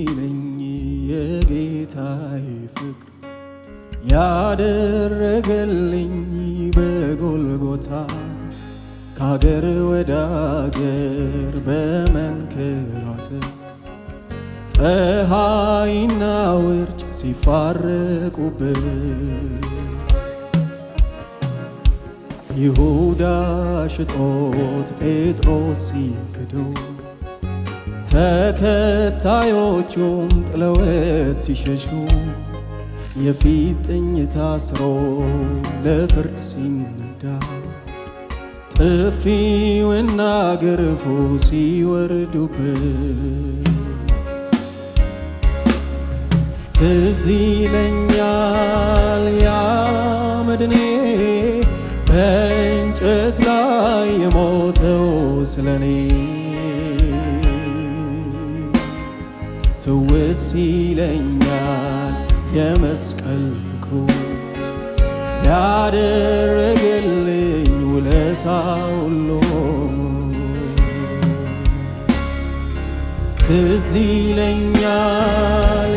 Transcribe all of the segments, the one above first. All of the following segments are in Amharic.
ሲለኝ የጌታዬ ፍቅር ያደረገልኝ በጎልጎታ ከአገር ወደ አገር በመንከራተት ፀሐይና ውርጭ ሲፋረቁበት ይሁዳ ሽጦት ጴጥሮስ ሲክደው ተከታዮቹም ጥለውት ሲሸሹ የፊት ጥኝ ታስሮ ለፍርድ ሲነዳ ጥፊውና ግርፉ ሲወርዱበት ትዝ ይለኛል ያ መድኔ በእንጨት ላይ የሞተው ስለኔ ትውስ ይለኛል የመስቀል ፍቅሩ ያደረገልኝ ውለታ ሁሉ ትዝ ይለኛል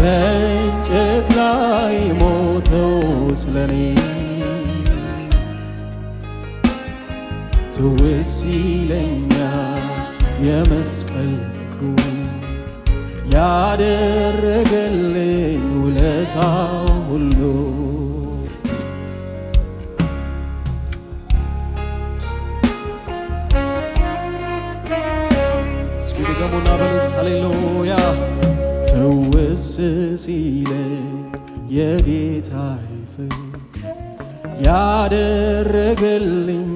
በእንጨት ላይ ሞተው ስለኔ ላደረገልኝ ውለታ ሁሉ እስኪ በሉት ሃሌሉያ ትውስ ሲለኝ የጌታዬ ፍቅር ያደረገልኝ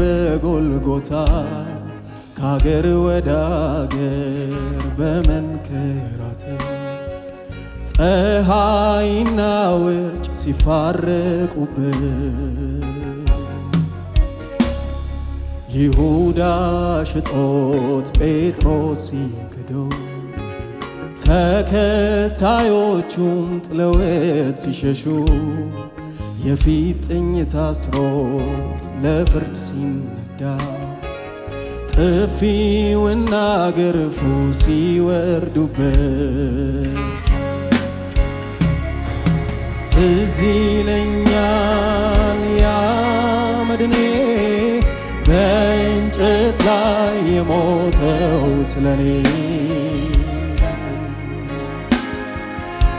በጎልጎታ ከአገር ወደ አገር በመን አልተራተ ፀሐይና ውርጭ ሲፋረቁበት ይሁዳ ሽጦት ጴጥሮስ ሲክደው ተከታዮቹም ጥለውት ሲሸሹ የፊት ጥኝ ታስሮ ለፍርድ ሲነዳ ጥፊውና ገርፉ ሲወርዱበት ትዝ ይለኛል በእንጨት ላይ የሞተው ስለኔ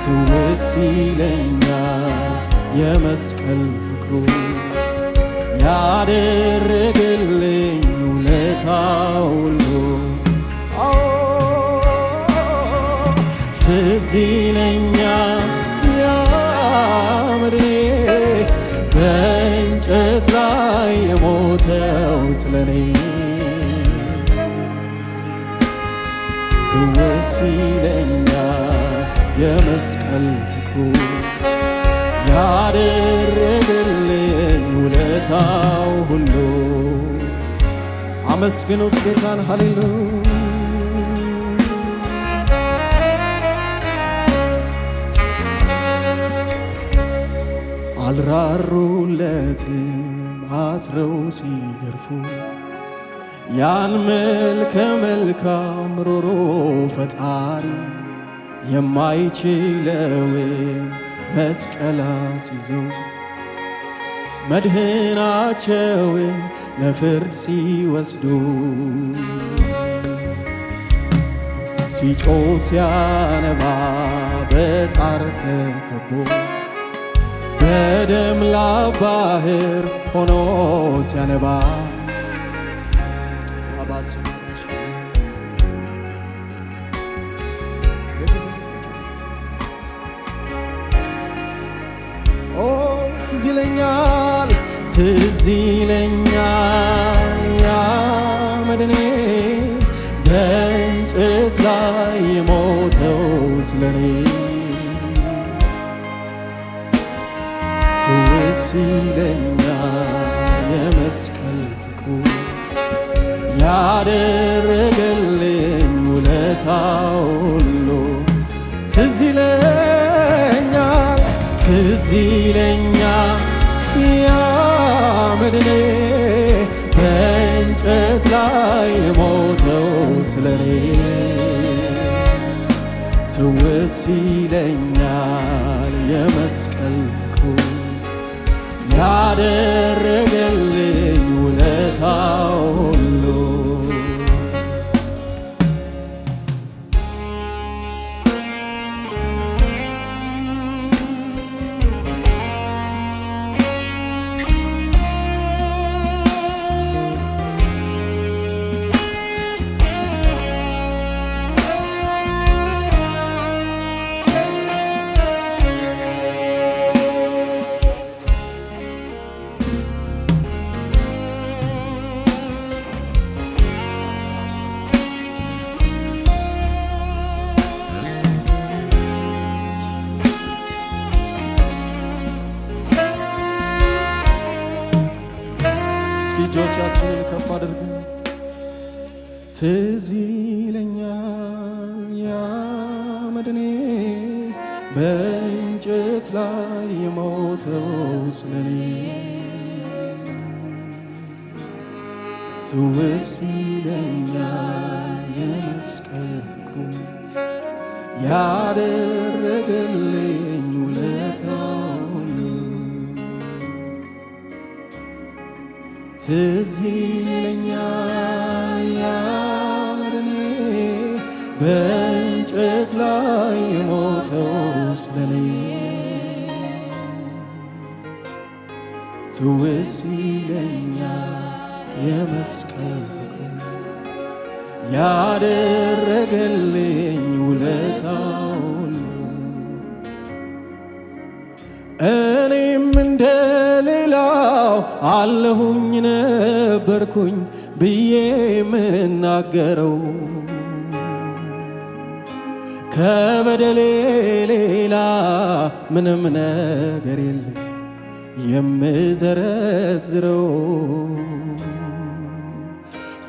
ትውስ ይለኛል የመስቀል ፍቅሩ ያደረግልኝ ቦታ ሁሉ ትዝ ይለኛል በእንጨት ላይ የሞተው ስለኔ ትዝ የመስቀል ፍቅሩ ያደረገልኝ ውለታው ሁሉ አመስግኑት ጌታን ሃሌሉ አልራሩለትም አስረው ሲገርፉ ያን መልከ መልካም ሮሮ ፈጣሪ የማይችለውን መስቀል ሲዘው መድህናቸውን ለፍርድ ሲወስዱ ሲጮ ሲያነባ በጣር ተከቦ በደም ላባህር ባህር ሆኖ ሲያነባ ትዝ ይለኛል ያ መድኔ በእንጨት ላይ የሞተው ስለኔ ትዝ ይለኛል የመስቀል ፍቅሩ ያደረገልኝ ውለታ ሁሉ ትዝ ይለኛል ትዝ ይለኛል በድኔ በእንጨት ላይ የሞተው ስለኔ ትውስ ይለኛል የመስቀል ፍቅሩ ያደ ትዝ ይለኛል ያ መድኔ በእንጨት ላይ የሞተው ስለኔ ትዝ ይለኛል የመስቀል ያደረገልኝ ውለታውን ትዝ ይለኛል በእንጨት ላይ የሞተው ስለ ትውስ ይለኛ የመስቀል ያደረገልኝ ውለታውን እኔም እንደ ሌላው አለሁኝ ነበርኩኝ ብዬ የምናገረው ከበደሌ ሌላ ምንም ነገር የለ የምዘረዝረው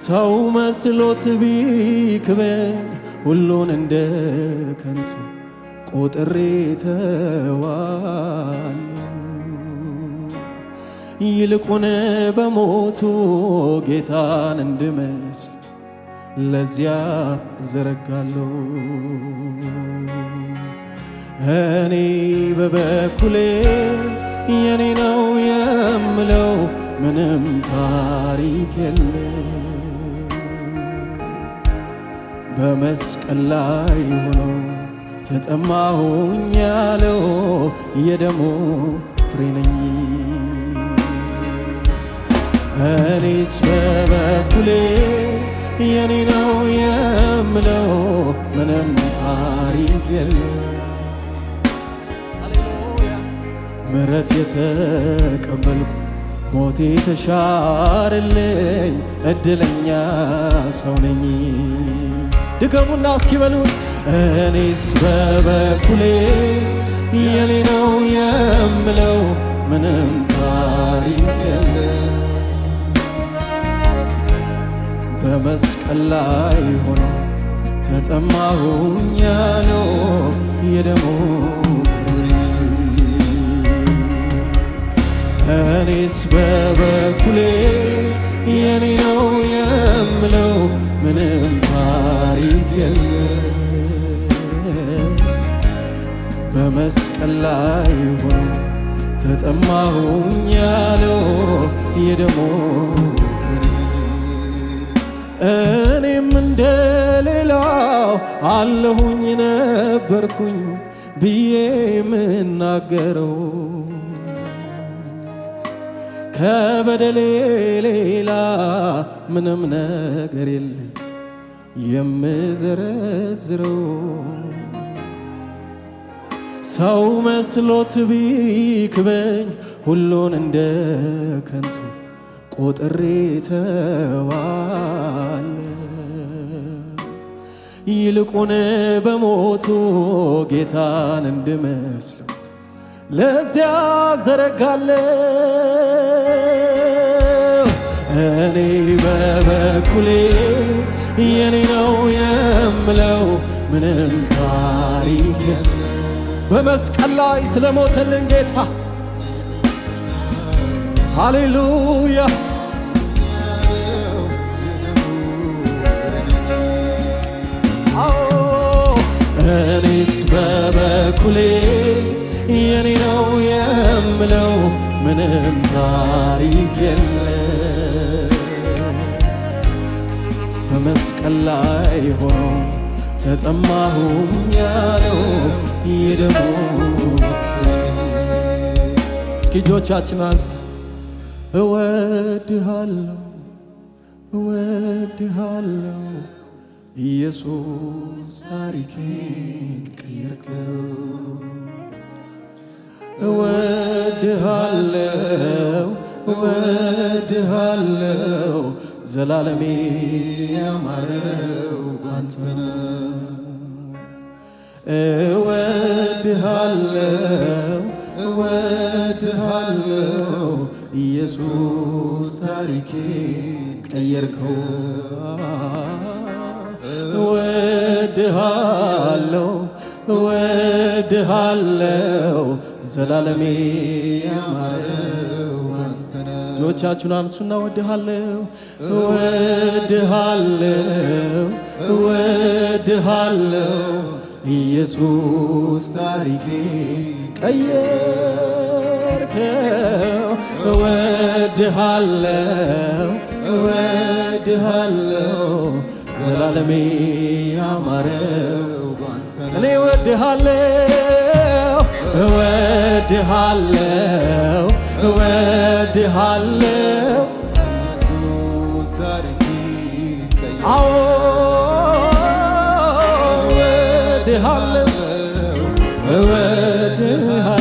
ሰው መስሎት ቢክበኝ ሁሉን እንደ ከንቱ ቆጥሬ ተዋለሁ። ይልቁን በሞቱ ጌታን እንድመስል ለዚያ ዘረጋለሁ። እኔ በበኩሌ የኔ ነው የምለው ምንም ታሪክ የለ በመስቀል ላይ ሆኖ ተጠማሁኝ ያለው የደሞ ፍሬ ነኝ። እኔስ በበኩሌ የኔ ነው የምለው ምንም ታሪክ የለም ምረት የተቀበልኩ ሞቴ ተሻርልኝ እድለኛ ሰው ነኝ። ድገሙና እስኪበሉ እኔስ በበኩሌ የኔ ነው የምለው ምንም ታሪክ በመስቀል ላይ ሆኖ ተጠማሁኝ ያለው የደሙ እኔስ በበኩሌ የኔ ነው የምለው ምንም ታሪክ የለም በመስቀል ላይ ሆኖ ተጠማሁኝ ያለው የደሙ እኔም እንደሌላው አለሁኝ ነበርኩኝ ብዬ የምናገረው ከበደሌ ሌላ ምንም ነገር የለም የምዘረዝረው ሰው መስሎት ቢክበኝ ሁሉን እንደ ከንቱ ቆጥሬ ተዋለሁ ይልቁን በሞቱ ጌታን እንድመስለው ለዚያ ዘረጋለሁ። እኔ በበኩሌ የኔ ነው የምለው ምንም ታሪክ በመስቀል ላይ ስለሞተልን ጌታ ሃሌሉያ እኔስ በበኩሌ የኔ ነው የምለው ምንም ታሪክ የለ በመስቀል ላይ ሆኖ ተጠማሁም ያለው ይህ እስኪ እጆቻችን አንስተ እወድሃለሁ እወድሃለሁ ኢየሱስ ታሪኬን ቀየርከው። እወድሃለሁ እወድሃለሁ ዘላለሜ ያማረው ባንተ ነው። እወድሃለሁ እወድሃለሁ ኢየሱስ ታሪኬ ቀየርከው። እወድሃለው እወድሃለው ዘላለሜ ያማረው አንተነ አንሱና እወድሃለው እወድሃለው እወድሃለው ኢየሱስ ታሪኬ ቀየ እወድሃለው እወድሃለው ዘላለሜ ያማረው እኔ እወድሃለው እወድሃለው እወድሃለው አዎ እወድሃለው እወድሃለው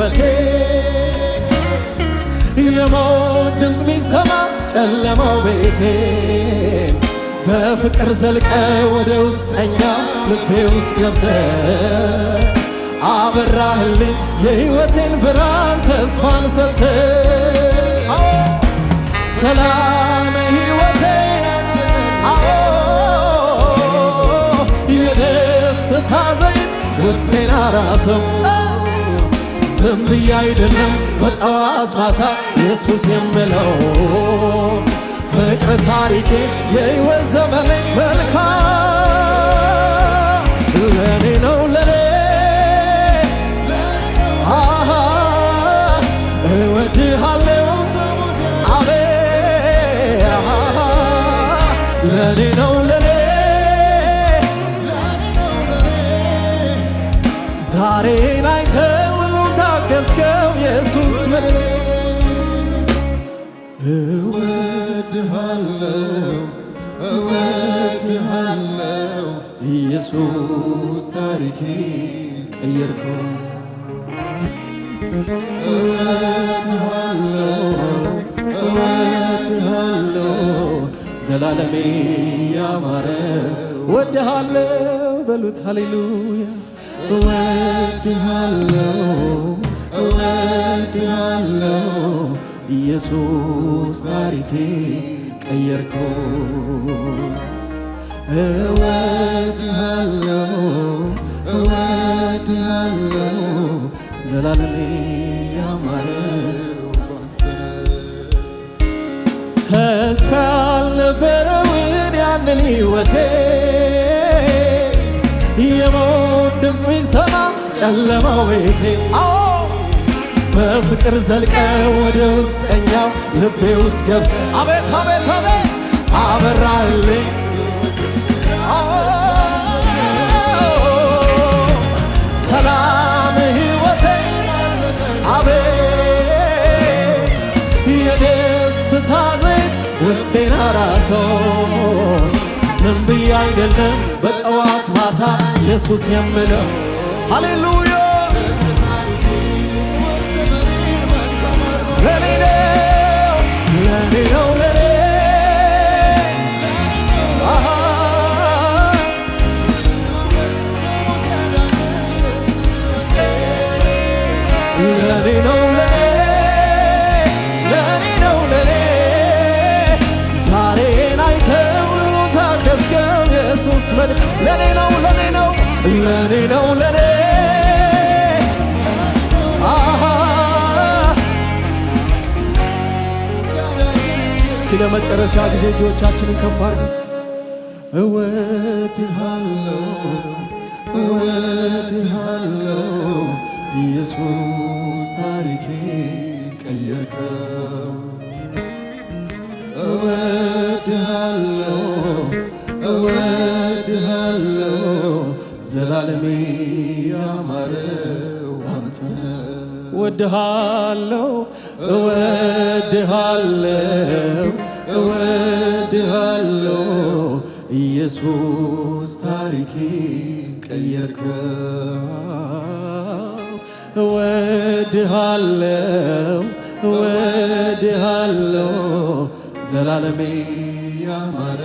ሕይወቴ የሞት ድምፅ ሚሰማ ጨለማው ቤቴ በፍቅር ዘልቀ ወደ ውስጠኛ ልቤ ውስጥ ገብተ አበራህልኝ የሕይወቴን ብርሃን ተስፋን ሰልተ ሰላም ሕይወቴ የደስታ ዘይት ውስጤን አራሰው ዝም ብዬ አይደለም ወጣ አዝማታ ኢየሱስ የምለው ፍቅር ታሪኬ የሕይወት ዘመኔ መልካም ለኔ ነው ለኔ እወድሃለው አቤ ለኔ ነው እወድሃለው እወድሃለው ኢየሱስ ታሪኬ ቀየርኩ እወድሃለው ዘላለሜ ያማረ እወድሃለው በሉት ሃሌሉያ እወድሃለው እወድሃለሁ ኢየሱስ ታሪኬ ቀየርኩ እወድሃለሁ ተስፋ ያልነበረውን ያንን ሕይወቴ የሞት ድምፅ ጨለማው ቤቴ በፍቅር ዘልቀ ወደ ውስጠኛው ልቤ ውስጥ ገብ አቤት አቤት አቤት አበራልኝ ሰላም ሕይወቴ አቤት የደስታ ዘይት ውስጤን አራሰው። ዝም ብዬ አይደለም በጠዋት ማታ ኢየሱስ የምለው ሃሌሉያ ለኔ ነው ለኔ ነው ለኔ ለኔ ነው ለኔ ነው ለኔ ዛሬን አይተው ታደስገው ለኔ ነው ለኔ ነው መጨረሻ ጊዜ እጆቻችንን ከፍ አድርገን ኢየሱስ ታሪኬ ቀየርከው እወድሃለሁ እወድሃለሁ ዘላለሜ ያማረው አንተ ወድሃለው እወድሃለው እወድሃለሁ ኢየሱስ ታሪኬ ቀየርከው። እወድሃለሁ እወድሃለሁ ዘላለሜ ያማረ